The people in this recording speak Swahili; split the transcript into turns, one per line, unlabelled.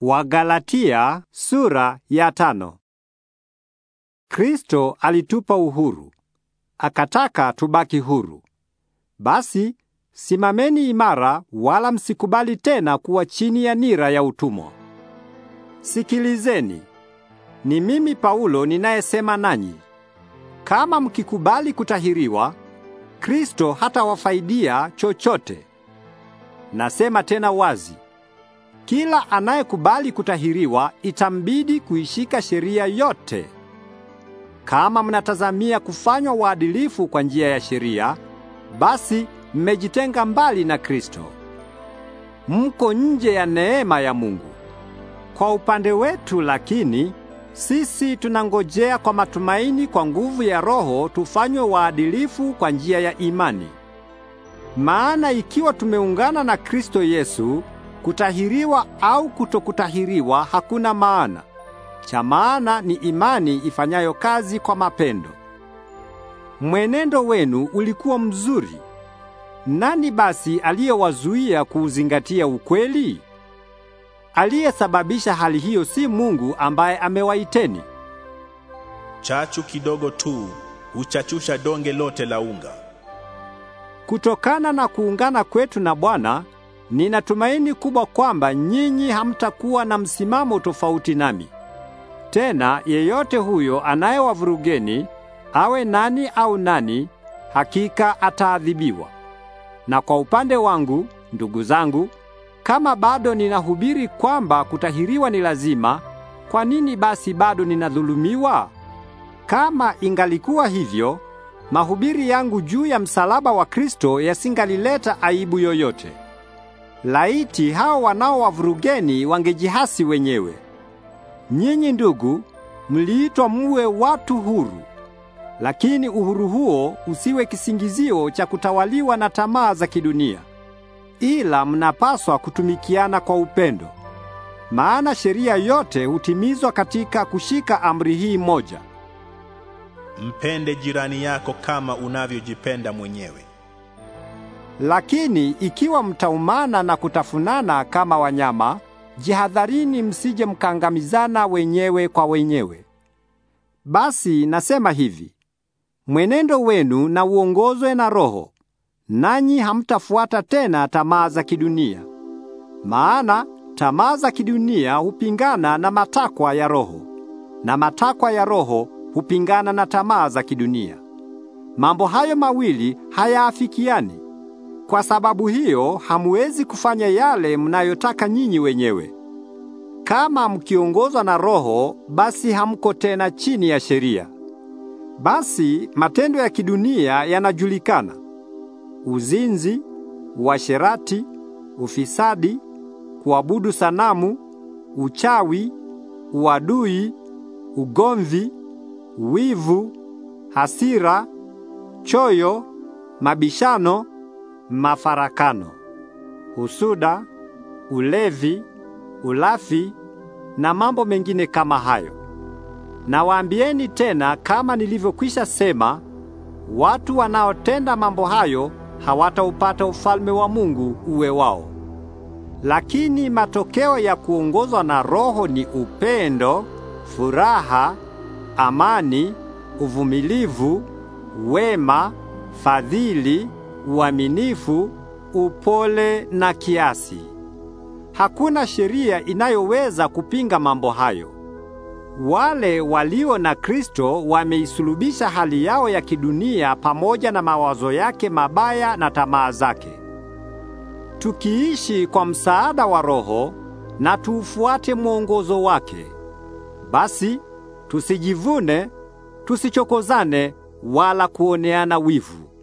Wagalatia sura ya tano. Kristo alitupa uhuru, akataka tubaki huru. Basi simameni imara, wala msikubali tena kuwa chini ya nira ya utumwa. Sikilizeni, ni mimi Paulo ninayesema nanyi. Kama mkikubali kutahiriwa, Kristo hatawafaidia chochote. Nasema tena wazi. Kila anayekubali kutahiriwa itambidi kuishika sheria yote. Kama mnatazamia kufanywa waadilifu kwa njia ya sheria, basi mmejitenga mbali na Kristo. Mko nje ya neema ya Mungu. Kwa upande wetu lakini, sisi tunangojea kwa matumaini kwa nguvu ya Roho tufanywe waadilifu kwa njia ya imani. Maana ikiwa tumeungana na Kristo Yesu, Kutahiriwa au kutokutahiriwa hakuna maana. Cha maana ni imani ifanyayo kazi kwa mapendo. Mwenendo wenu ulikuwa mzuri. Nani basi aliyewazuia kuuzingatia ukweli? Aliyesababisha hali hiyo si Mungu ambaye amewaiteni. Chachu kidogo tu huchachusha donge lote la unga. Kutokana na kuungana kwetu na Bwana Nina tumaini kubwa kwamba nyinyi hamtakuwa na msimamo tofauti nami. Tena yeyote huyo anayewavurugeni awe nani au nani, hakika ataadhibiwa. Na kwa upande wangu, ndugu zangu, kama bado ninahubiri kwamba kutahiriwa ni lazima, kwa nini basi bado ninadhulumiwa? Kama ingalikuwa hivyo, mahubiri yangu juu ya msalaba wa Kristo yasingalileta aibu yoyote. Laiti hao wanaowavurugeni wangejihasi wenyewe. Nyinyi ndugu, mliitwa muwe watu huru, lakini uhuru huo usiwe kisingizio cha kutawaliwa na tamaa za kidunia, ila mnapaswa kutumikiana kwa upendo. Maana sheria yote hutimizwa katika kushika amri hii moja: mpende jirani yako kama unavyojipenda mwenyewe. Lakini ikiwa mtaumana na kutafunana kama wanyama, jihadharini msije mkangamizana wenyewe kwa wenyewe. Basi nasema hivi: mwenendo wenu na uongozwe na Roho, nanyi hamtafuata tena tamaa za kidunia. Maana tamaa za kidunia hupingana na matakwa ya Roho, na matakwa ya Roho hupingana na tamaa za kidunia. Mambo hayo mawili hayaafikiani. Kwa sababu hiyo hamuwezi kufanya yale mnayotaka nyinyi wenyewe. Kama mkiongozwa na Roho, basi hamko tena chini ya sheria. Basi matendo ya kidunia yanajulikana: uzinzi, uasherati, ufisadi, kuabudu sanamu, uchawi, uadui, ugomvi, wivu, hasira, choyo, mabishano mafarakano, husuda, ulevi, ulafi na mambo mengine kama hayo. Nawaambieni tena kama nilivyokwisha sema, watu wanaotenda mambo hayo hawataupata ufalme wa Mungu uwe wao. Lakini matokeo ya kuongozwa na Roho ni upendo, furaha, amani, uvumilivu, wema, fadhili, uaminifu, upole na kiasi. Hakuna sheria inayoweza kupinga mambo hayo. Wale walio na Kristo wameisulubisha hali yao ya kidunia pamoja na mawazo yake mabaya na tamaa zake. Tukiishi kwa msaada wa Roho na tuufuate mwongozo wake. Basi tusijivune, tusichokozane wala kuoneana wivu.